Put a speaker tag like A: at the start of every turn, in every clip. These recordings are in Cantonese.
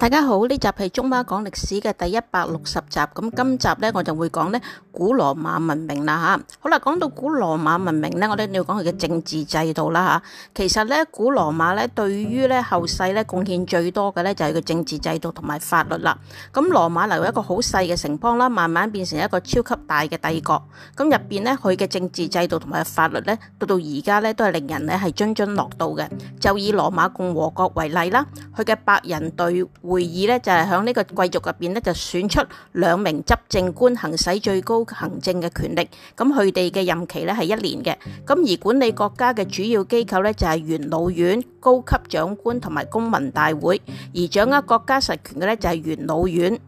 A: 大家好，呢集係中華講歷史嘅第一百六十集，咁今集呢，我就會講呢古羅馬文明啦吓。好啦，講到古羅馬文明呢，我哋要講佢嘅政治制度啦吓。其實呢，古羅馬呢對於呢後世呢貢獻最多嘅呢，就係佢政治制度同埋法律啦。咁羅馬由一個好細嘅城邦啦，慢慢變成一個超級大嘅帝國。咁入邊呢，佢嘅政治制度同埋法律呢，到到而家呢，都係令人呢係津津樂道嘅。就以羅馬共和國為例啦，佢嘅百人隊會議呢就係喺呢個貴族入邊呢，就選出兩名執政官，行使最高行政嘅權力。咁佢哋嘅任期呢係一年嘅。咁而管理國家嘅主要機構呢，就係元老院、高級長官同埋公民大會，而掌握國家實權嘅呢，就係元老院。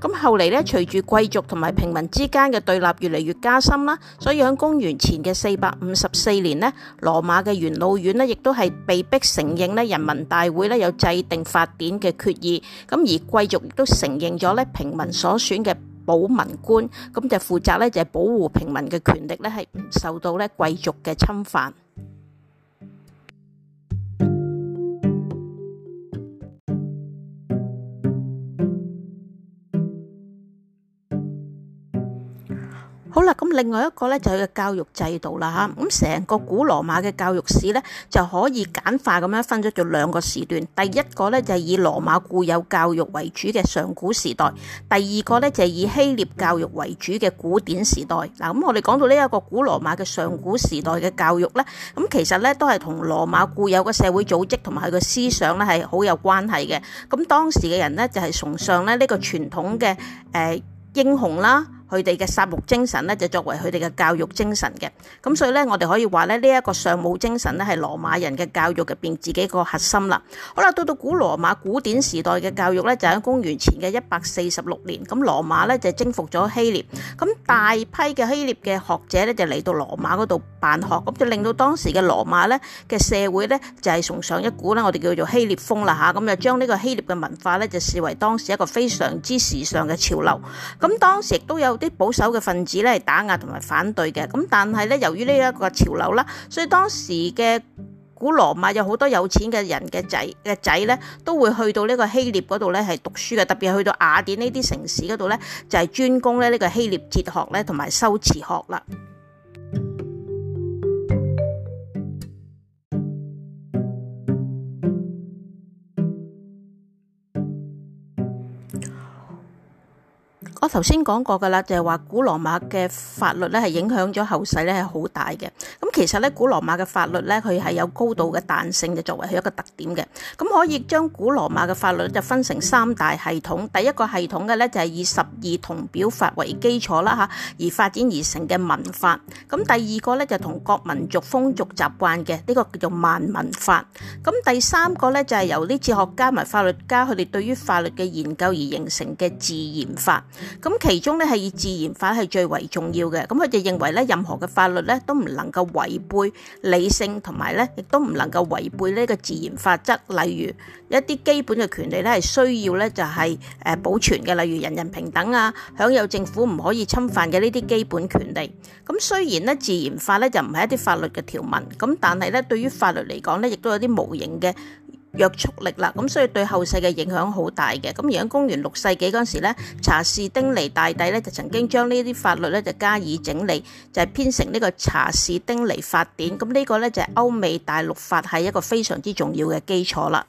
A: 咁後嚟咧，隨住貴族同埋平民之間嘅對立越嚟越加深啦，所以喺公元前嘅四百五十四年呢，羅馬嘅元老院呢亦都係被逼承認咧人民大會咧有制定法典嘅決議，咁而貴族亦都承認咗咧平民所選嘅保民官，咁就負責咧就係保護平民嘅權力，咧係唔受到咧貴族嘅侵犯。咁另外一個咧就係個教育制度啦嚇，咁成個古羅馬嘅教育史咧就可以簡化咁樣分咗做兩個時段。第一個咧就係以羅馬固有教育為主嘅上古時代，第二個咧就係以希臘教育為主嘅古典時代。嗱，咁我哋講到呢一個古羅馬嘅上古時代嘅教育咧，咁其實咧都係同羅馬固有嘅社會組織同埋佢嘅思想咧係好有關係嘅。咁當時嘅人咧就係崇尚咧呢個傳統嘅誒英雄啦。佢哋嘅殺戮精神咧，就作為佢哋嘅教育精神嘅。咁所以咧，我哋可以話咧，呢、這、一個尚武精神咧，係羅馬人嘅教育入邊自己個核心啦。好啦，到到古羅馬古典時代嘅教育咧，就喺公元前嘅一百四十六年。咁羅馬咧就征服咗希臘，咁大批嘅希臘嘅學者咧就嚟到羅馬嗰度辦學，咁就令到當時嘅羅馬咧嘅社會咧就係崇尚一股咧，我哋叫做希臘風啦嚇。咁就將呢個希臘嘅文化咧就視為當時一個非常之時尚嘅潮流。咁當時亦都有。啲保守嘅分子咧係打壓同埋反對嘅，咁但係咧由於呢一個潮流啦，所以當時嘅古羅馬有好多有錢嘅人嘅仔嘅仔咧都會去到呢個希臘嗰度咧係讀書嘅，特別去到雅典呢啲城市嗰度咧就係專攻咧呢個希臘哲學咧同埋修辭學啦。我頭先講過㗎啦，就係話古羅馬嘅法律咧係影響咗後世咧係好大嘅。咁其實咧古羅馬嘅法律咧佢係有高度嘅彈性嘅，作為佢一個特點嘅。咁可以將古羅馬嘅法律就分成三大系統。第一個系統嘅咧就係以十二銅表法為基礎啦嚇，而發展而成嘅民法。咁第二個咧就同各民族風俗習慣嘅呢個叫做萬民法。咁第三個咧就係由呢哲學家同埋法律家佢哋對於法律嘅研究而形成嘅自然法。咁其中咧係以自然法係最為重要嘅，咁佢哋認為咧任何嘅法律咧都唔能夠違背理性同埋咧，亦都唔能夠違背呢個自然法則。例如一啲基本嘅權利咧係需要咧就係誒保存嘅，例如人人平等啊，享有政府唔可以侵犯嘅呢啲基本權利。咁雖然咧自然法咧就唔係一啲法律嘅條文，咁但係咧對於法律嚟講咧，亦都有啲無形嘅約束力啦，咁所以對後世嘅影響好大嘅。咁而喺公元六世紀嗰陣時咧，查士丁尼大帝咧就曾經將呢啲法律咧就加以整理，就係編成呢個《查士丁尼法典》。咁呢個咧就係歐美大陸法係一個非常之重要嘅基礎啦。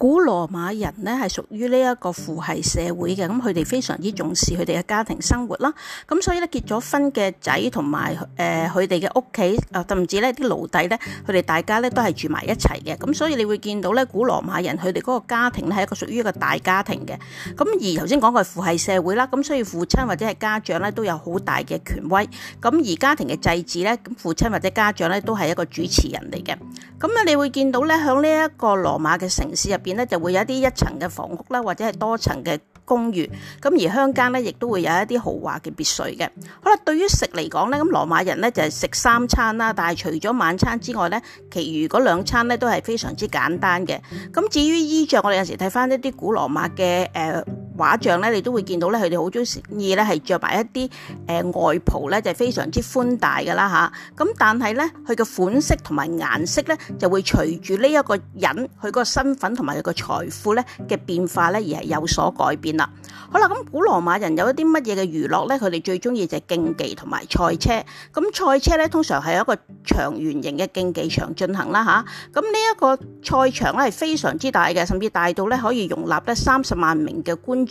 A: 古羅馬人呢，係屬於呢一個父系社會嘅，咁佢哋非常之重視佢哋嘅家庭生活啦，咁所以咧結咗婚嘅仔同埋誒佢哋嘅屋企啊，甚至呢啲奴隸咧，佢哋大家咧都係住埋一齊嘅，咁所以你會見到咧古羅馬人佢哋嗰個家庭咧係一個屬於一個大家庭嘅，咁而頭先講過係父系社會啦，咁所以父親或者係家長咧都有好大嘅權威，咁而家庭嘅祭祀咧，咁父親或者家長咧都係一個主持人嚟嘅，咁啊你會見到咧喺呢一個羅馬嘅城市入邊。咧就會有一啲一層嘅房屋啦，或者係多層嘅公寓。咁而鄉間咧，亦都會有一啲豪華嘅別墅嘅。好啦，對於食嚟講咧，咁羅馬人咧就係食三餐啦。但係除咗晚餐之外咧，其餘嗰兩餐咧都係非常之簡單嘅。咁至於衣着，我哋有時睇翻一啲古羅馬嘅誒，呃畫像咧，你都會見到咧，佢哋好中意咧係着埋一啲誒外袍咧，就係非常之寬大嘅啦吓，咁但係咧，佢嘅款式同埋顏色咧，就會隨住呢一個人佢個身份同埋佢個財富咧嘅變化咧而係有所改變啦。好啦，咁古羅馬人有一啲乜嘢嘅娛樂咧？佢哋最中意就係競技同埋賽車。咁賽車咧，通常係一個長圓形嘅競技場進行啦吓，咁呢一個賽場咧係非常之大嘅，甚至大到咧可以容納得三十萬名嘅觀眾。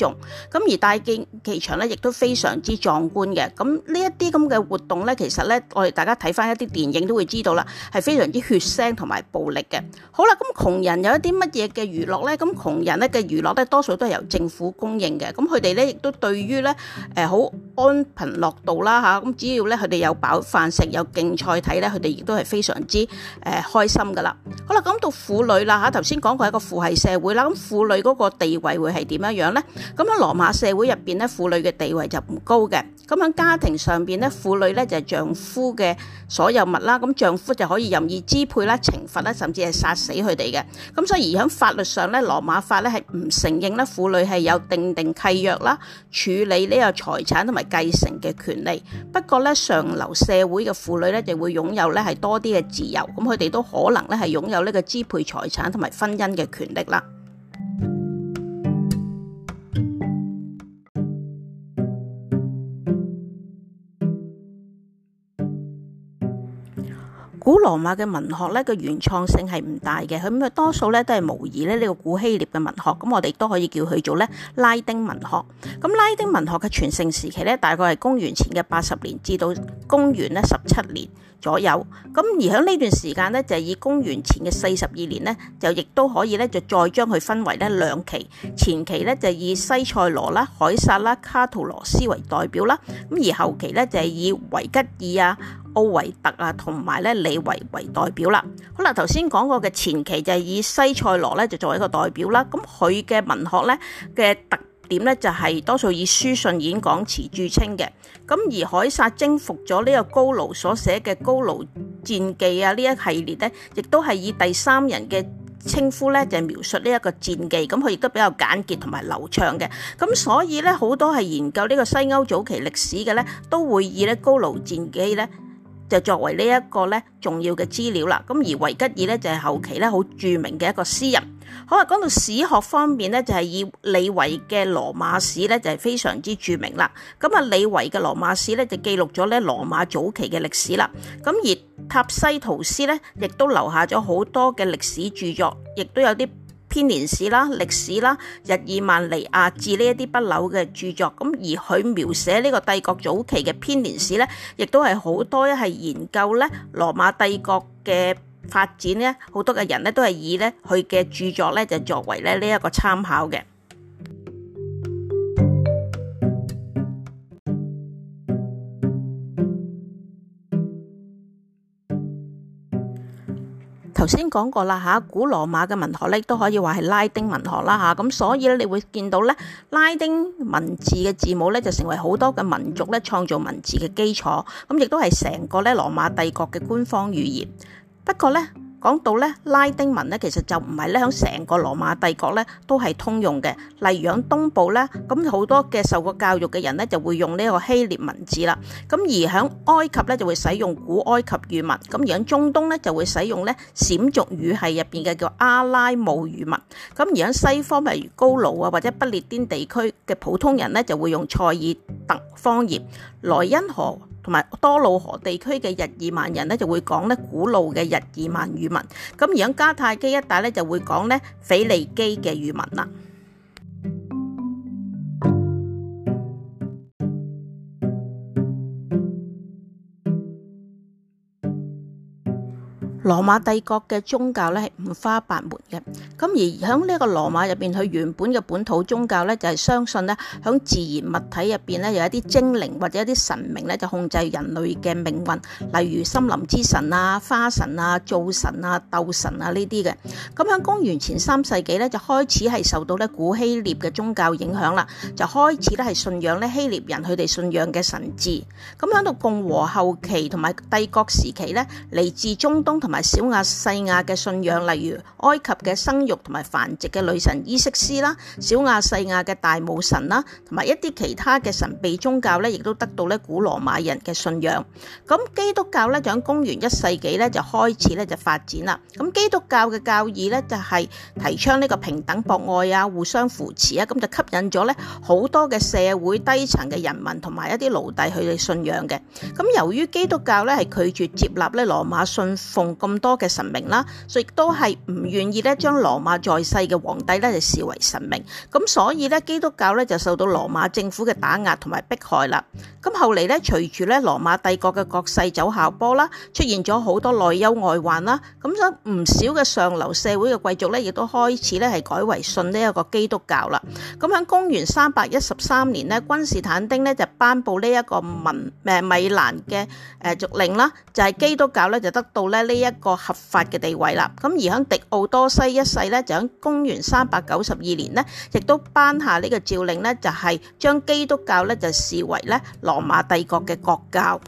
A: 咁而大競技場咧，亦都非常之壯觀嘅。咁呢一啲咁嘅活動咧，其實咧，我哋大家睇翻一啲電影都會知道啦，係非常之血腥同埋暴力嘅。好啦，咁窮人有一啲乜嘢嘅娛樂咧？咁窮人咧嘅娛樂咧，多數都係由政府供應嘅。咁佢哋咧亦都對於咧，誒好安貧樂道啦吓。咁只要咧佢哋有飽飯食，有競賽睇咧，佢哋亦都係非常之誒開心噶啦。好啦，咁到婦女啦吓，頭先講過一個父系社會啦。咁婦女嗰個地位會係點樣樣咧？咁喺羅馬社會入邊，咧，婦女嘅地位就唔高嘅。咁喺家庭上邊，咧，婦女咧就係丈夫嘅所有物啦。咁丈夫就可以任意支配啦、懲罰啦，甚至係殺死佢哋嘅。咁所以而喺法律上咧，羅馬法咧係唔承認咧婦女係有定定契約啦、處理呢個財產同埋繼承嘅權利。不過咧，上流社會嘅婦女咧就會擁有咧係多啲嘅自由。咁佢哋都可能咧係擁有呢個支配財產同埋婚姻嘅權利啦。古羅馬嘅文學咧，個原創性係唔大嘅，佢咁佢多數咧都係模擬咧呢個古希臘嘅文學，咁我哋都可以叫佢做咧拉丁文學。咁拉丁文學嘅全盛時期咧，大概係公元前嘅八十年至到公元咧十七年左右。咁而喺呢段時間咧，就係以公元前嘅四十二年咧，就亦都可以咧就再將佢分為咧兩期。前期咧就以西塞羅啦、凱撒啦、卡圖羅斯為代表啦，咁而後期咧就係以維吉爾啊。奧維特啊，同埋咧李維為代表啦。好啦，頭先講過嘅前期就係以西塞羅咧，就作為一個代表啦。咁佢嘅文學咧嘅特點咧就係、是、多數以書信、演講詞著稱嘅。咁而凱撒征服咗呢個高盧所寫嘅高盧戰記啊，呢一系列咧，亦都係以第三人嘅稱呼咧，就係描述呢一個戰記。咁佢亦都比較簡潔同埋流暢嘅。咁所以咧，好多係研究呢個西歐早期歷史嘅咧，都會以咧高盧戰記咧。就作為呢一個咧重要嘅資料啦，咁而維吉爾咧就係後期咧好著名嘅一個詩人。好啊，講到史學方面咧，就係以李維嘅《羅馬史》咧就係非常之著名啦。咁啊，李維嘅《羅馬史》咧就記錄咗咧羅馬早期嘅歷史啦。咁而塔西圖斯咧，亦都留下咗好多嘅歷史著作，亦都有啲。編年史啦、歷史啦、日耳曼尼亞志呢一啲不朽嘅著作，咁而佢描寫呢個帝國早期嘅編年史咧，亦都係好多係研究咧羅馬帝國嘅發展咧，好多嘅人咧都係以咧佢嘅著作咧就作為咧呢一個參考嘅。頭先講過啦吓，古羅馬嘅文學咧都可以話係拉丁文學啦吓，咁所以咧你會見到咧拉丁文字嘅字母咧就成為好多嘅民族咧創造文字嘅基礎，咁亦都係成個咧羅馬帝國嘅官方語言。不過咧。講到咧拉丁文咧，其實就唔係咧喺成個羅馬帝國咧都係通用嘅。例如喺東部咧，咁好多嘅受過教育嘅人咧就會用呢個希臘文字啦。咁而喺埃及咧就會使用古埃及語文。咁而喺中東咧就會使用咧閃族語系入邊嘅叫阿拉姆語文。咁而喺西方，例如高盧啊或者不列顛地區嘅普通人咧就會用塞爾特方言、萊茵河，同埋多瑙河地區嘅日耳曼人咧就會講咧古老嘅日耳曼語文，咁而家加泰基一帶咧就會講咧腓尼基嘅語文啦。羅馬帝國嘅宗教咧係五花八門嘅，咁而喺呢個羅馬入邊，佢原本嘅本土宗教咧就係相信呢，喺自然物體入邊呢，有一啲精靈或者一啲神明咧就控制人類嘅命運，例如森林之神啊、花神啊、灶神啊、鬥神啊呢啲嘅。咁喺公元前三世紀咧就開始係受到呢古希臘嘅宗教影響啦，就開始咧係信仰呢希臘人佢哋信仰嘅神祇。咁喺到共和後期同埋帝國時期呢，嚟自中東同埋。小亞細亞嘅信仰，例如埃及嘅生育同埋繁殖嘅女神伊色斯啦，小亞細亞嘅大母神啦，同埋一啲其他嘅神秘宗教咧，亦都得到咧古羅馬人嘅信仰。咁基督教咧就喺公元一世紀咧就開始咧就發展啦。咁基督教嘅教義咧就係提倡呢個平等博愛啊、互相扶持啊，咁就吸引咗咧好多嘅社會低層嘅人民同埋一啲奴隸佢哋信仰嘅。咁由於基督教咧係拒絕接納咧羅馬信奉咁。咁多嘅神明啦，所以亦都係唔願意咧將羅馬在世嘅皇帝咧就視為神明，咁所以咧基督教咧就受到羅馬政府嘅打壓同埋迫害啦。咁後嚟咧，隨住咧羅馬帝國嘅國勢走下坡啦，出現咗好多內憂外患啦，咁所以唔少嘅上流社會嘅貴族咧，亦都開始咧係改為信呢一個基督教啦。咁響公元三百一十三年咧，君士坦丁咧就頒布呢一個文誒米蘭嘅誒敕令啦，就係、是、基督教咧就得到咧呢一。個合法嘅地位啦，咁而喺狄奧多西一世咧，就喺公元三百九十二年呢，亦都頒下呢個詔令呢，就係將基督教咧就視為咧羅馬帝國嘅國教。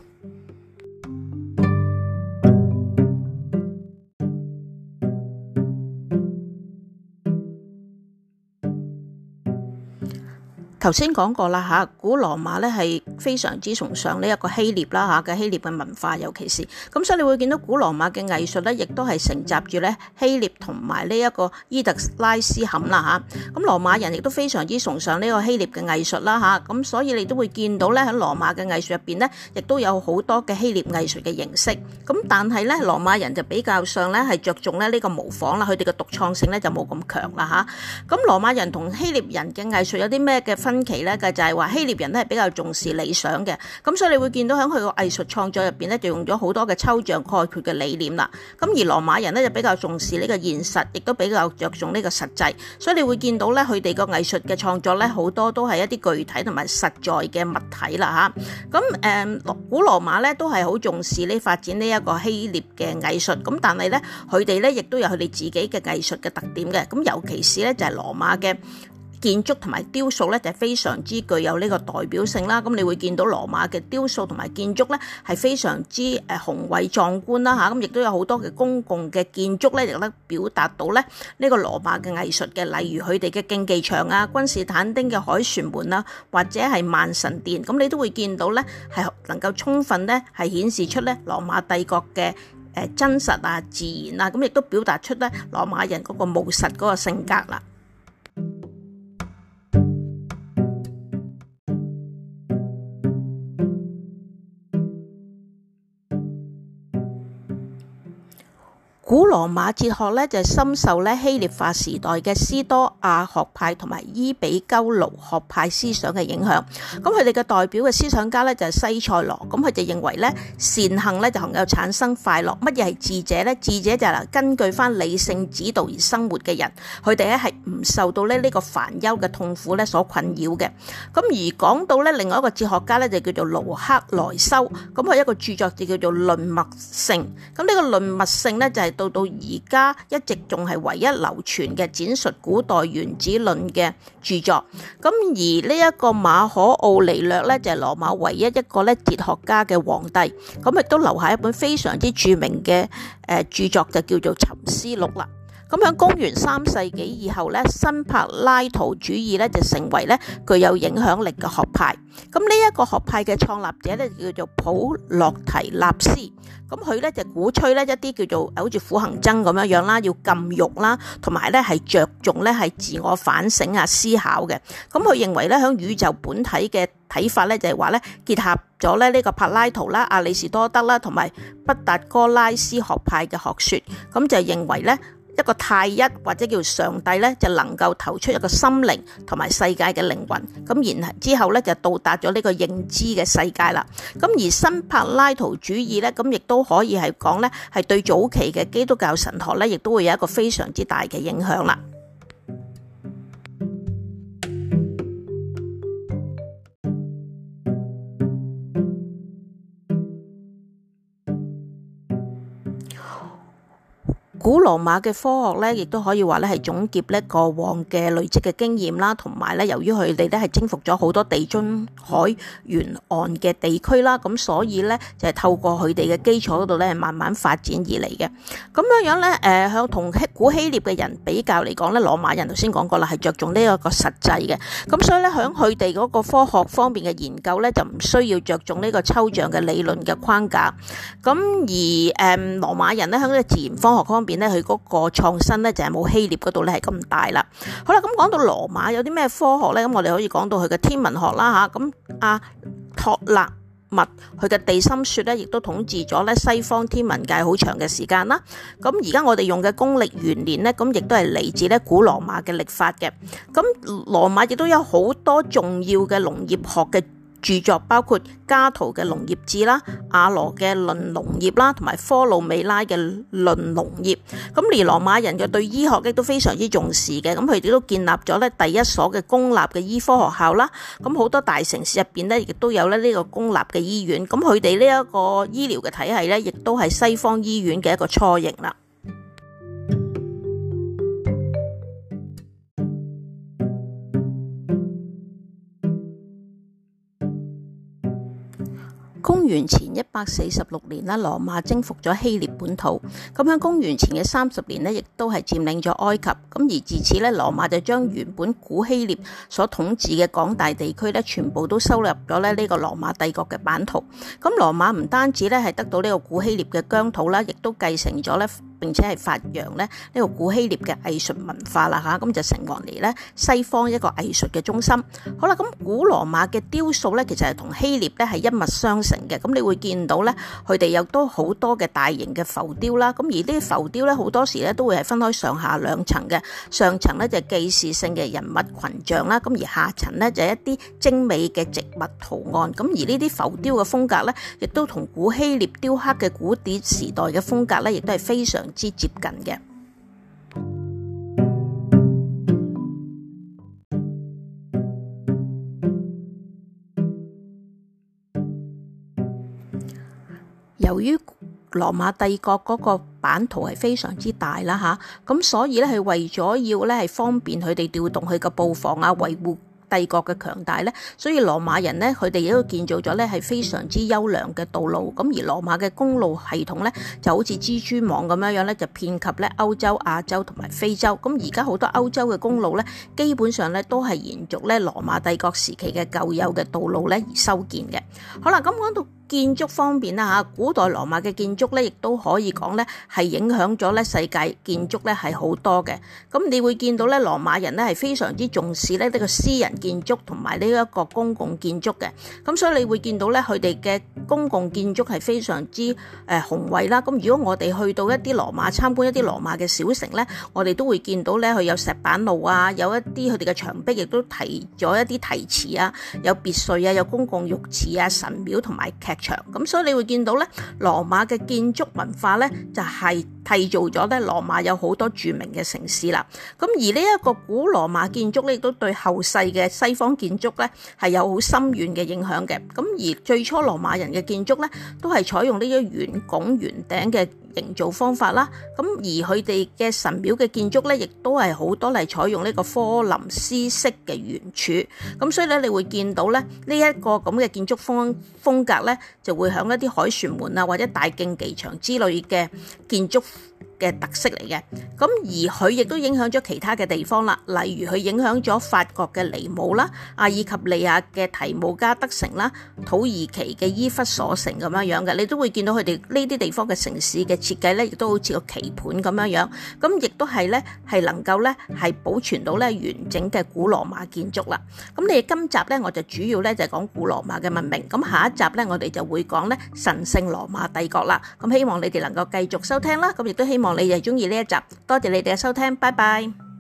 A: 頭先講過啦嚇，古羅馬咧係非常之崇尚呢一個希臘啦嚇嘅希臘嘅文化，尤其是咁，所以你會見到古羅馬嘅藝術咧，亦都係承襲住咧希臘同埋呢一個伊特拉斯坎啦嚇。咁羅馬人亦都非常之崇尚呢個希臘嘅藝術啦嚇，咁、啊、所以你都會見到咧喺羅馬嘅藝術入邊咧，亦都有好多嘅希臘藝術嘅形式。咁但係咧，羅馬人就比較上咧係着重咧呢個模仿啦，佢哋嘅獨創性咧就冇咁強啦嚇。咁羅馬人同希臘人嘅藝術有啲咩嘅分？分歧咧嘅，就係話，希臘人都係比較重視理想嘅。咁所以你會見到喺佢個藝術創作入邊咧，就用咗好多嘅抽象概括嘅理念啦。咁而羅馬人咧就比較重視呢個現實，亦都比較着重呢個實際，所以你會見到咧佢哋個藝術嘅創作咧，好多都係一啲具體同埋實在嘅物體啦吓。咁誒，古羅馬咧都係好重視呢發展呢一個希臘嘅藝術，咁但係咧佢哋咧亦都有佢哋自己嘅藝術嘅特點嘅，咁尤其是咧就係羅馬嘅。建築同埋雕塑咧就非常之具有呢個代表性啦。咁你會見到羅馬嘅雕塑同埋建築咧係非常之誒宏偉壯觀啦吓，咁亦都有好多嘅公共嘅建築咧，亦都表達到咧呢個羅馬嘅藝術嘅，例如佢哋嘅競技場啊、君士坦丁嘅凱旋門啊，或者係萬神殿。咁你都會見到咧係能夠充分咧係顯示出咧羅馬帝國嘅真實啊、自然啊，咁亦都表達出咧羅馬人嗰個務實嗰個性格啦。古羅馬哲學咧就深受咧希臘化時代嘅斯多亞學派同埋伊比鳩魯學派思想嘅影響。咁佢哋嘅代表嘅思想家咧就係西塞羅。咁佢就認為咧善行咧就能夠產生快樂。乜嘢係智者咧？智者就係根據翻理性指導而生活嘅人。佢哋咧係唔受到呢呢個煩憂嘅痛苦咧所困擾嘅。咁而講到咧另外一個哲學家咧就叫做盧克萊修。咁佢一個著作就叫做論《論物性》。咁呢個《論物性》咧就係、是。到到而家一直仲係唯一流傳嘅闡述古代原子論嘅著作。咁而呢一個馬可奧尼略咧就係羅馬唯一一個咧哲學家嘅皇帝。咁亦都留下一本非常之著名嘅誒著作，就叫做《沉思錄》啦。咁喺公元三世紀以後咧，新柏拉圖主義咧就成為咧具有影響力嘅學派。咁呢一個學派嘅創立者咧叫做普洛提納斯。咁佢咧就鼓吹咧一啲叫做好似苦行僧咁樣樣啦，要禁欲啦，同埋咧係着重咧係自我反省啊思考嘅。咁佢認為咧喺宇宙本體嘅睇法咧就係話咧結合咗咧呢個柏拉圖啦、阿里士多德啦同埋畢達哥拉斯學派嘅學説，咁就認為咧。一個太一或者叫上帝咧，就能夠投出一個心靈同埋世界嘅靈魂，咁然之後咧就到達咗呢個認知嘅世界啦。咁而新柏拉圖主義咧，咁亦都可以係講咧，係對早期嘅基督教神學咧，亦都會有一個非常之大嘅影響啦。古羅馬嘅科學咧，亦都可以話咧係總結咧過往嘅累積嘅經驗啦，同埋咧由於佢哋咧係征服咗好多地中海沿岸嘅地區啦，咁所以咧就係、是、透過佢哋嘅基礎嗰度咧，係慢慢發展而嚟嘅。咁樣樣咧，誒、呃、向同古希臘嘅人比較嚟講咧，羅馬人頭先講過啦，係着重呢一個實際嘅，咁所以咧喺佢哋嗰個科學方面嘅研究咧，就唔需要着重呢個抽象嘅理論嘅框架。咁而誒、嗯、羅馬人咧喺呢個自然科學方面。佢嗰個創新咧就係、是、冇希臘嗰度咧係咁大啦。好啦，咁講到羅馬有啲咩科學咧，咁我哋可以講到佢嘅天文學啦吓，咁、啊、阿托勒密佢嘅地心説咧，亦都統治咗咧西方天文界好長嘅時間啦。咁而家我哋用嘅公歷元年咧，咁亦都係嚟自咧古羅馬嘅曆法嘅。咁、啊、羅馬亦都有好多重要嘅農業學嘅。著作包括加圖嘅《農業志》啦、瓦羅嘅《論農業》啦，同埋科魯美拉嘅《論農業》。咁而羅馬人嘅對醫學亦都非常之重視嘅，咁佢哋都建立咗咧第一所嘅公立嘅醫科學校啦。咁好多大城市入面咧亦都有咧呢個公立嘅醫院。咁佢哋呢一個醫療嘅體系咧，亦都係西方醫院嘅一個雛形啦。公元前一百四十六年啦，羅馬征服咗希臘本土。咁喺公元前嘅三十年呢，亦都係佔領咗埃及。咁而自此咧，羅馬就將原本古希臘所統治嘅廣大地區咧，全部都收入咗咧呢個羅馬帝國嘅版圖。咁羅馬唔單止咧係得到呢個古希臘嘅疆土啦，亦都繼承咗咧。並且係發揚咧呢個古希臘嘅藝術文化啦嚇，咁就成為嚟咧西方一個藝術嘅中心。好啦，咁古羅馬嘅雕塑咧，其實係同希臘咧係一脈相承嘅。咁你會見到咧，佢哋有都好多嘅大型嘅浮雕啦。咁而呢啲浮雕咧，好多時咧都會係分開上下兩層嘅。上層咧就係記事性嘅人物群像啦，咁而下層咧就係一啲精美嘅植物圖案。咁而呢啲浮雕嘅風格咧，亦都同古希臘雕刻嘅古典時代嘅風格咧，亦都係非常之接近嘅，由於羅馬帝國嗰個版圖係非常之大啦，吓咁所以咧係為咗要咧係方便佢哋調動佢嘅佈防啊，維護。帝國嘅強大呢，所以羅馬人呢，佢哋亦都建造咗呢係非常之優良嘅道路。咁而羅馬嘅公路系統呢，就好似蜘蛛網咁樣樣呢，就遍及呢歐洲、亞洲同埋非洲。咁而家好多歐洲嘅公路呢，基本上呢都係延續呢羅馬帝國時期嘅舊有嘅道路呢而修建嘅。好啦，咁講到，建築方面啦嚇，古代羅馬嘅建築咧，亦都可以講咧，係影響咗咧世界建築咧係好多嘅。咁你會見到咧，羅馬人咧係非常之重視咧呢個私人建築同埋呢一個公共建築嘅。咁所以你會見到咧，佢哋嘅公共建築係非常之誒宏偉啦。咁如果我哋去到一啲羅馬參觀一啲羅馬嘅小城咧，我哋都會見到咧佢有石板路啊，有一啲佢哋嘅牆壁亦都提咗一啲題詞啊，有別墅啊，有公共浴池啊，神廟同埋劇。咁，所以你會見到咧，羅馬嘅建築文化咧就係、是。製造咗咧，了羅馬有好多著名嘅城市啦。咁而呢一個古羅馬建築咧，亦都對後世嘅西方建築咧係有好深遠嘅影響嘅。咁而最初羅馬人嘅建築咧，都係採用呢一圓拱圓頂嘅營造方法啦。咁而佢哋嘅神廟嘅建築咧，亦都係好多嚟採用呢個科林斯式嘅圓柱。咁所以咧，你會見到咧，呢、這、一個咁嘅建築風風格咧，就會喺一啲凱旋門啊，或者大競技場之類嘅建築嘅特色嚟嘅，咁而佢亦都影響咗其他嘅地方啦，例如佢影響咗法國嘅尼姆啦，阿爾及利亞嘅提姆加德城啦，土耳其嘅伊弗所城咁樣樣嘅，你都會見到佢哋呢啲地方嘅城市嘅設計咧，亦都好似個棋盤咁樣樣，咁亦都係咧係能夠咧係保存到咧完整嘅古羅馬建築啦。咁你今集咧我就主要咧就講古羅馬嘅文明，咁下一集咧我哋就會講咧神聖羅馬帝國啦。咁希望你哋能夠繼續收聽啦，咁亦都希望。希望你又中意呢一集，多謝你哋嘅收聽，拜拜。